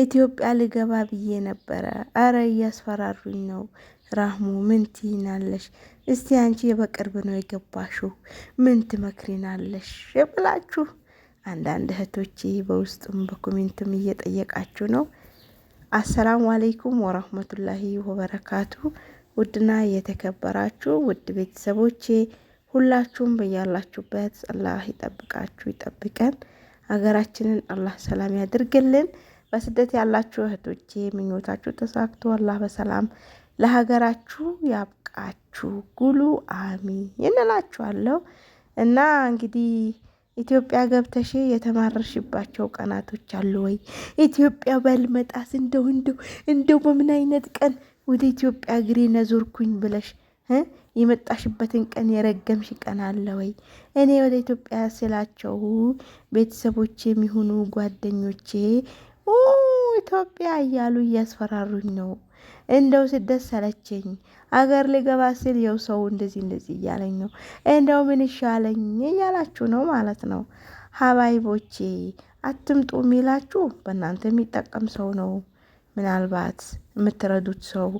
ኢትዮጵያ ልገባ ብዬ ነበረ። አረ እያስፈራሩኝ ነው። ራህሙ ምን ትይናለሽ? እስቲ አንቺ በቅርብ ነው የገባሽው፣ ምን ትመክሪናለሽ? የብላችሁ አንዳንድ እህቶቼ በውስጡም በኮሜንትም እየጠየቃችሁ ነው። አሰላሙ አለይኩም ወራህመቱላሂ ወበረካቱ። ውድና የተከበራችሁ ውድ ቤተሰቦቼ ሁላችሁም በያላችሁበት አላህ ይጠብቃችሁ፣ ይጠብቀን። ሀገራችንን አላህ ሰላም ያድርግልን። በስደት ያላችሁ እህቶቼ ምኞታችሁ ተሳክቶ አላህ በሰላም ለሀገራችሁ ያብቃችሁ። ጉሉ አሚን እላችኋለሁ። እና እንግዲህ ኢትዮጵያ ገብተሽ የተማረሽባቸው ቀናቶች አሉ ወይ? ኢትዮጵያ ባልመጣስ እንደው እንደው እንደው በምን አይነት ቀን ወደ ኢትዮጵያ እግሬ ነዞርኩኝ ብለሽ የመጣሽበትን ቀን የረገምሽ ቀን አለ ወይ? እኔ ወደ ኢትዮጵያ ስላቸው ቤተሰቦቼ የሚሆኑ ጓደኞቼ ኢትዮጵያ እያሉ እያስፈራሩኝ ነው። እንደው ስደት ሰለቸኝ። አገር ልገባ ስል የው ሰው እንደዚህ እንደዚህ እያለኝ ነው። እንደው ምን ይሻለኝ እያላችሁ ነው ማለት ነው። ሀባይቦቼ አትምጡ የሚላችሁ በእናንተ የሚጠቀም ሰው ነው። ምናልባት የምትረዱት ሰው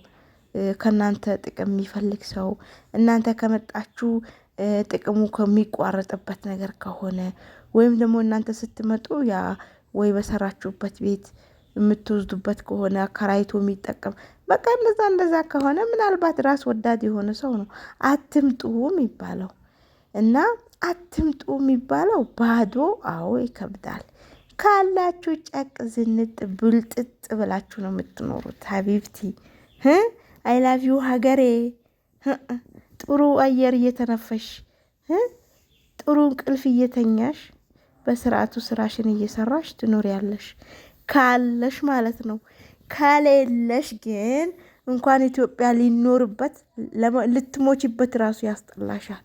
ከእናንተ ጥቅም የሚፈልግ ሰው እናንተ ከመጣችሁ ጥቅሙ ከሚቋረጥበት ነገር ከሆነ ወይም ደግሞ እናንተ ስትመጡ ያ ወይ በሰራችሁበት ቤት የምትወስዱበት ከሆነ አከራይቶ የሚጠቀም በቃ እንደዛ እንደዛ ከሆነ ምናልባት ራስ ወዳድ የሆነ ሰው ነው አትምጡ የሚባለው እና አትምጡ የሚባለው ባዶ። አዎ ይከብዳል። ካላችሁ ጨቅ ዝንጥ ብልጥጥ ብላችሁ ነው የምትኖሩት። ሀቢብቲ አይላቪው ሀገሬ፣ ጥሩ አየር እየተነፈሽ ጥሩ እንቅልፍ እየተኛሽ በስርዓቱ ስራሽን እየሰራሽ ትኖር ያለሽ ካለሽ ማለት ነው። ከሌለሽ ግን እንኳን ኢትዮጵያ ሊኖርበት ልትሞችበት ራሱ ያስጠላሻል።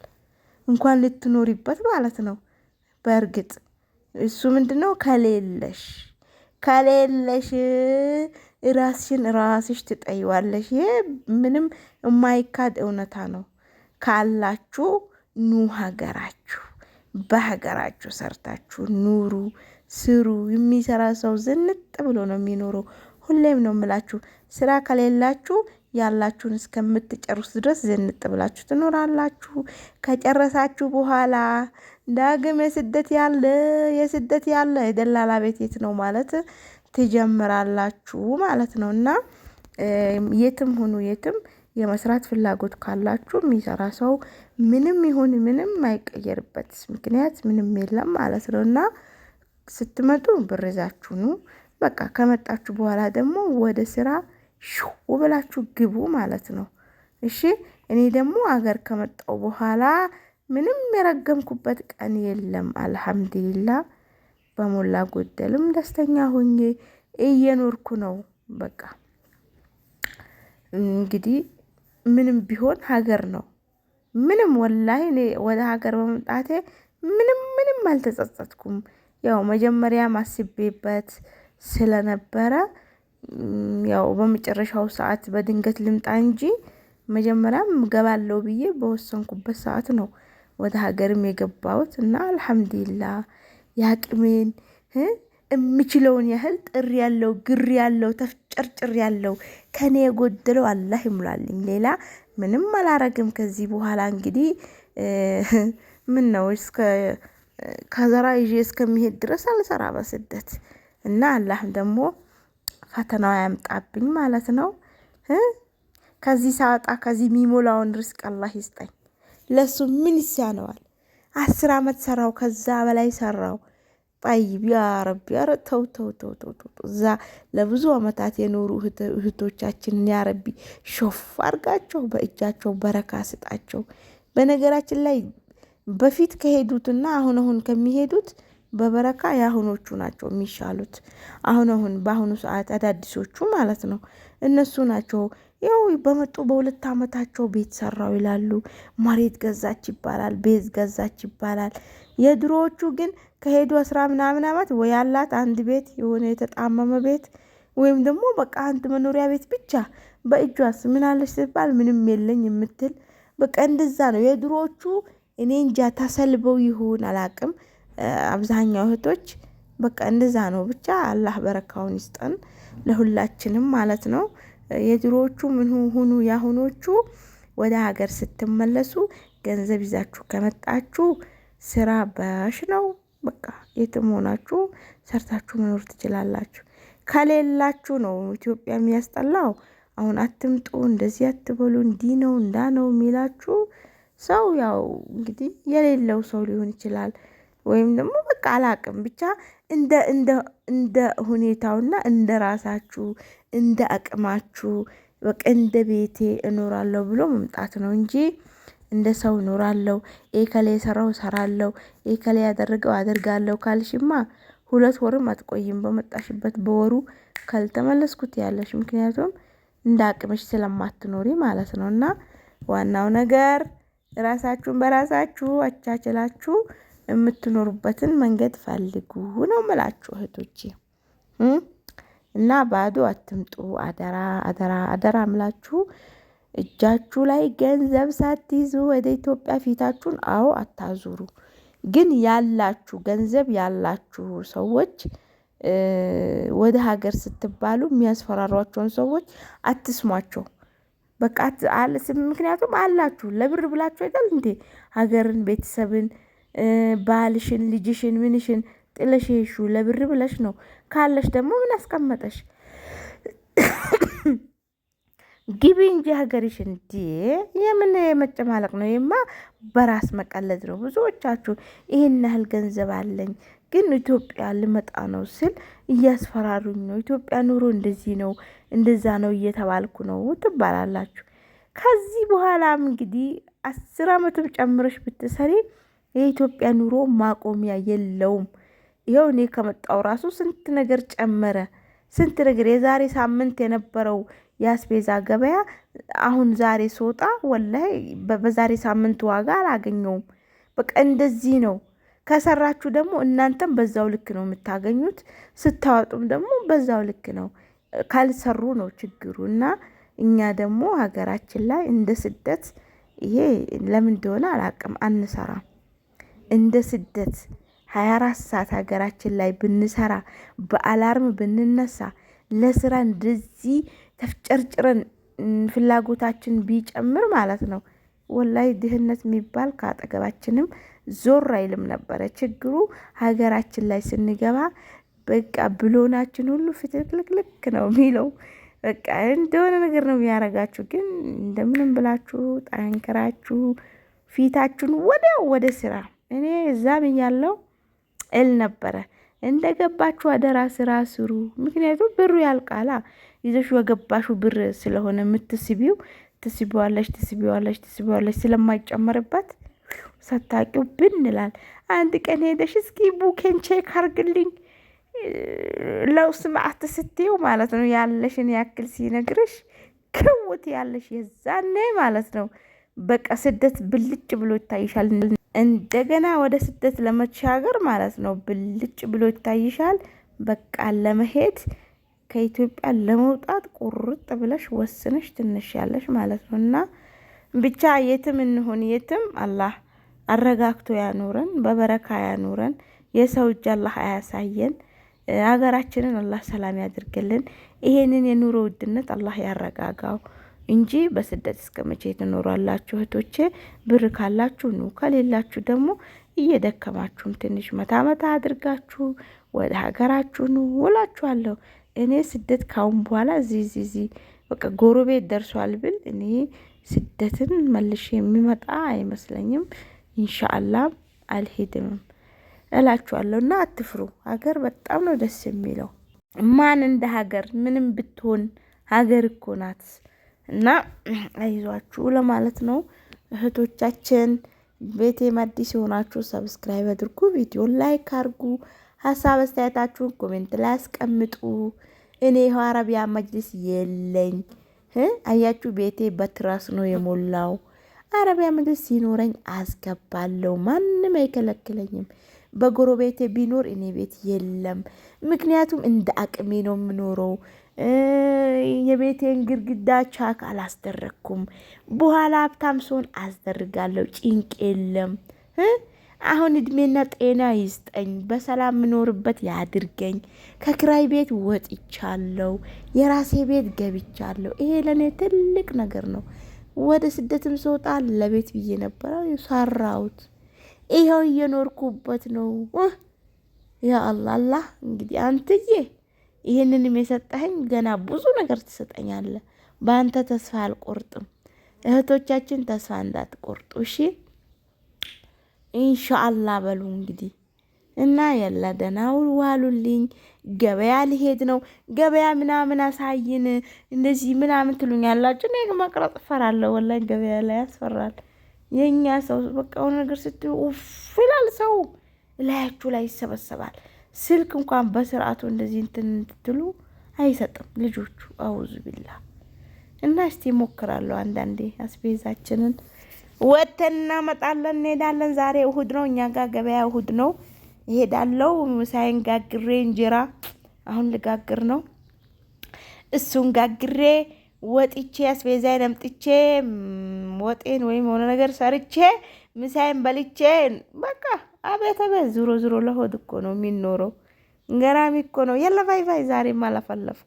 እንኳን ልትኖሪበት ማለት ነው። በእርግጥ እሱ ምንድን ነው ከሌለሽ ከሌለሽ ራስሽን ራስሽ ትጠይዋለሽ። ይሄ ምንም የማይካድ እውነታ ነው። ካላችሁ ኑ ሀገራችሁ በሀገራችሁ ሰርታችሁ ኑሩ፣ ስሩ። የሚሰራ ሰው ዝንጥ ብሎ ነው የሚኖረው። ሁሌም ነው የምላችሁ፣ ስራ ከሌላችሁ ያላችሁን እስከምትጨርሱ ድረስ ዝንጥ ብላችሁ ትኖራላችሁ። ከጨረሳችሁ በኋላ ዳግም የስደት ያለ የስደት ያለ የደላላ ቤት የት ነው ማለት ትጀምራላችሁ ማለት ነው እና የትም ሁኑ የትም የመስራት ፍላጎት ካላችሁ የሚሰራ ሰው ምንም ይሁን ምንም አይቀየርበት ምክንያት ምንም የለም ማለት ነው። እና ስትመጡ ብር ኑ። በቃ ከመጣችሁ በኋላ ደግሞ ወደ ስራ ሽው ብላችሁ ግቡ ማለት ነው። እሺ እኔ ደግሞ አገር ከመጣው በኋላ ምንም የረገምኩበት ቀን የለም። አልሐምዱሊላ በሞላ ጎደልም ደስተኛ ሆኜ እየኖርኩ ነው። በቃ እንግዲህ ምንም ቢሆን ሀገር ነው። ምንም ወላሂ እኔ ወደ ሀገር በመምጣቴ ምንም ምንም አልተጸጸትኩም። ያው መጀመሪያ ማስቤበት ስለነበረ ያው በመጨረሻው ሰዓት በድንገት ልምጣ እንጂ መጀመሪያም ገባለው ብዬ በወሰንኩበት ሰዓት ነው ወደ ሀገርም የገባሁት እና አልሐምዱሊላ የአቅሜን የምችለውን ያህል ጥሪ ያለው ግሪ ያለው ተፍ ጭርጭር ያለው ከኔ የጎደለው አላህ ይሙላልኝ። ሌላ ምንም አላረግም። ከዚህ በኋላ እንግዲህ ምን ነው እስከ ከዘራ ይዤ እስከሚሄድ ድረስ አልሰራ በስደት እና አላህ ደግሞ ፈተናው ያምጣብኝ ማለት ነው። ከዚህ ሳወጣ ከዚህ የሚሞላውን ርስቅ አላህ ይስጠኝ። ለሱ ምን ይሳነዋል? አስር አመት ሰራው፣ ከዛ በላይ ሰራው። ጣይብ ያ ረቢ ተው ተው ተው ተው ተው እዛ ለብዙ አመታት የኖሩ እህቶቻችንን ያረቢ ሾፍ አርጋቸው በእጃቸው በረካ ስጣቸው። በነገራችን ላይ በፊት ከሄዱትና አሁን አሁን ከሚሄዱት በበረካ የአሁኖቹ ናቸው የሚሻሉት። አሁን አሁን በአሁኑ ሰዓት አዳዲሶቹ ማለት ነው እነሱ ናቸው። ይኸው በመጡ በሁለት ዓመታቸው ቤት ሰራው ይላሉ። መሬት ገዛች ይባላል፣ ቤዝ ገዛች ይባላል። የድሮዎቹ ግን ከሄዱ አስራ ምናምን ዓመት ወይ ያላት አንድ ቤት የሆነ የተጣመመ ቤት ወይም ደግሞ በቃ አንድ መኖሪያ ቤት ብቻ በእጇስ ምናለች ስትባል ምንም የለኝ የምትል በቃ እንደዛ ነው። የድሮዎቹ እኔ እንጃ ተሰልበው ይሁን አላቅም። አብዛኛው እህቶች በቃ እንደዛ ነው። ብቻ አላህ በረካውን ይስጠን ለሁላችንም ማለት ነው። የድሮዎቹ ምን ሁኑ ያሁኖቹ ወደ ሀገር ስትመለሱ ገንዘብ ይዛችሁ ከመጣችሁ ስራ በሽ ነው። በቃ የትም ሆናችሁ ሰርታችሁ መኖር ትችላላችሁ። ከሌላችሁ ነው ኢትዮጵያ የሚያስጠላው። አሁን አትምጡ፣ እንደዚህ አትበሉ፣ እንዲህ ነው እንዳ ነው የሚላችሁ ሰው ያው እንግዲህ የሌለው ሰው ሊሆን ይችላል። ወይም ደግሞ በቃ አላቅም ብቻ እንደ እንደ እንደ ሁኔታውና እንደ ራሳችሁ እንደ አቅማችሁ በቃ እንደ ቤቴ እኖራለሁ ብሎ መምጣት ነው እንጂ እንደ ሰው እኖራለሁ ኤከሌ የሰራው ሰራለሁ ኤከሌ ያደረገው አደርጋለሁ ካልሽማ ሁለት ወርም አትቆይም በመጣሽበት በወሩ ካልተመለስኩት ያለሽ። ምክንያቱም እንደ አቅምሽ ስለማትኖሪ ማለት ነው። እና ዋናው ነገር ራሳችሁን በራሳችሁ አቻችላችሁ የምትኖሩበትን መንገድ ፈልጉ ነው ምላችሁ እህቶቼ። እና ባዶ አትምጡ። አደራ አደራ አደራ ምላችሁ እጃችሁ ላይ ገንዘብ ሳትይዙ ወደ ኢትዮጵያ ፊታችሁን አዎ አታዙሩ። ግን ያላችሁ ገንዘብ ያላችሁ ሰዎች ወደ ሀገር ስትባሉ የሚያስፈራሯቸውን ሰዎች አትስሟቸው። በቃ ምክንያቱም አላችሁ ለብር ብላችሁ አይደል እንዴ ሀገርን ቤተሰብን ባልሽን፣ ልጅሽን፣ ምንሽን ጥለሽ ሄሹ ለብር ብለሽ ነው። ካለሽ ደግሞ ምን አስቀመጠሽ? ግቢ እንጂ እንዲ የምን መጨማለቅ ነው? ይማ በራስ መቀለድ ነው። ብዙዎቻችሁ ይህን ያህል ገንዘብ አለኝ ግን ኢትዮጵያ ልመጣ ነው ስል እያስፈራሩኝ ነው፣ ኢትዮጵያ ኑሮ እንደዚህ ነው እንደዛ ነው እየተባልኩ ነው ትባላላችሁ። ከዚህ በኋላም እንግዲህ አስር ዓመትም ጨምረሽ ብትሰሪ የኢትዮጵያ ኑሮ ማቆሚያ የለውም። ይኸው እኔ ከመጣው ራሱ ስንት ነገር ጨመረ፣ ስንት ነገር የዛሬ ሳምንት የነበረው የአስቤዛ ገበያ አሁን ዛሬ ስወጣ ወላሂ በዛሬ ሳምንት ዋጋ አላገኘውም። በቃ እንደዚህ ነው። ከሰራችሁ ደግሞ እናንተም በዛው ልክ ነው የምታገኙት፣ ስታወጡም ደግሞ በዛው ልክ ነው። ካልሰሩ ነው ችግሩ እና እኛ ደግሞ ሀገራችን ላይ እንደ ስደት ይሄ ለምን እንደሆነ አላቅም አንሰራም። እንደ ስደት 24 ሰዓት ሀገራችን ላይ ብንሰራ በአላርም ብንነሳ ለስራ እንደዚህ ተፍጨርጭረን ፍላጎታችን ቢጨምር ማለት ነው ወላይ ድህነት የሚባል ከአጠገባችንም ዞር አይልም ነበረ። ችግሩ ሀገራችን ላይ ስንገባ በቃ ብሎናችን ሁሉ ፍትልክልክ ነው የሚለው። በቃ እንደሆነ ነገር ነው የሚያረጋችሁ። ግን እንደምንም ብላችሁ ጠንክራችሁ ፊታችሁን ወዲያው ወደ ስራ እኔ እዛም እያለሁ እል ነበረ። እንደገባችሁ አደራ ስራ ስሩ፣ ምክንያቱም ብሩ ያልቃላ። ይዘሽ የገባሹ ብር ስለሆነ የምትስቢው ትስቢዋለሽ፣ ትስቢዋለሽ፣ ትስቢዋለሽ ስለማይጨመርበት ሳታቂው ብንላል። አንድ ቀን ሄደሽ እስኪ ቡኬን ቼክ አርግልኝ ለውስ ማዕት ስትዩ ማለት ነው ያለሽን ያክል ሲነግርሽ ክውት ያለሽ የዛኔ ማለት ነው በቃ ስደት ብልጭ ብሎ ይታይሻል። እንደገና ወደ ስደት ለመሻገር ማለት ነው ብልጭ ብሎ ይታይሻል። በቃ ለመሄድ ከኢትዮጵያ ለመውጣት ቁርጥ ብለሽ ወስነሽ ያለሽ ማለት ነው። እና ብቻ የትም እንሆን የትም አላህ አረጋግቶ ያኑረን፣ በበረካ ያኑረን። የሰው እጅ አላህ አያሳየን። ሀገራችንን አላህ ሰላም ያድርግልን። ይሄንን የኑሮ ውድነት አላህ ያረጋጋው። እንጂ በስደት እስከ መቼ ትኖራላችሁ እህቶቼ? ብር ካላችሁ ኑ፣ ከሌላችሁ ደግሞ እየደከማችሁም ትንሽ መታመታ አድርጋችሁ ወደ ሀገራችሁ ኑ ውላችኋለሁ። እኔ ስደት ካሁን በኋላ እዚህ እዚህ እዚህ በቃ ጎረቤት ደርሷል ብል እኔ ስደትን መልሼ የሚመጣ አይመስለኝም። ኢንሻአላ አልሄድም እላችኋለሁ። እና አትፍሩ፣ ሀገር በጣም ነው ደስ የሚለው። ማን እንደ ሀገር ምንም ብትሆን ሀገር እኮ ናት። እና አይዟችሁ ለማለት ነው እህቶቻችን። ቤቴም አዲስ የሆናችሁ ሰብስክራይብ አድርጉ፣ ቪዲዮን ላይክ አድርጉ፣ ሀሳብ አስተያየታችሁን ኮሜንት ላይ አስቀምጡ። እኔ ይኸው አረቢያ መጅልስ የለኝ አያችሁ፣ ቤቴ በትራስ ነው የሞላው። አረቢያ መጅልስ ሲኖረኝ አስገባለሁ፣ ማንም አይከለክለኝም። በጎረቤቴ ቢኖር እኔ ቤት የለም፣ ምክንያቱም እንደ አቅሜ ነው የምኖረው። የቤቴን ግድግዳ ቻክ አላስደረግኩም። በኋላ ሀብታም ስሆን አስደርጋለሁ። ጭንቅ የለም። አሁን እድሜና ጤና ይስጠኝ፣ በሰላም ምኖርበት ያድርገኝ። ከክራይ ቤት ወጥቻለሁ፣ የራሴ ቤት ገብቻለሁ። ይሄ ለእኔ ትልቅ ነገር ነው። ወደ ስደትም ስወጣ ለቤት ብዬ ነበረ ሰራሁት። ይኸው እየኖርኩበት ነው። ያ አላህ አላህ እንግዲህ አንትዬ ይህንንም የሰጠኸኝ ገና ብዙ ነገር ትሰጠኛለ። በአንተ ተስፋ አልቆርጥም። እህቶቻችን ተስፋ እንዳትቆርጡ እሺ። ኢንሻአላ በሉ እንግዲህ እና የላ ደህና ዋሉልኝ። ገበያ ሊሄድ ነው። ገበያ ምናምን አሳይን እንደዚህ ምናምን ትሉኛላችሁ። እኔ መቅረጽ እፈራለሁ። ወላሂ ገበያ ላይ ያስፈራል። የእኛ ሰው በቃ ነገር ስትሉ ውፍ ይላል። ሰው ላያችሁ ላይ ይሰበሰባል። ስልክ እንኳን በስርዓቱ እንደዚህ እንትን እንድትሉ አይሰጥም ልጆቹ። አውዙ ቢላ እና እስቲ ሞክራለሁ። አንዳንዴ አስቤዛችንን ወተን እናመጣለን፣ እንሄዳለን። ዛሬ እሁድ ነው፣ እኛ ጋር ገበያ እሁድ ነው። ይሄዳለው ምሳዬን ጋግሬ እንጀራ አሁን ልጋግር ነው። እሱን ጋግሬ ወጥቼ አስቤዛዬን አምጥቼ ወጤን ወይም የሆነ ነገር ሰርቼ ምሳዬን በልቼ በቃ አቤት አቤት፣ ዙሮ ዙሮ ለሆድ እኮ ነው የሚኖረው። ገራሚ እኮ ነው። የለ ባይ ባይ፣ ዛሬ ማለፈለፍ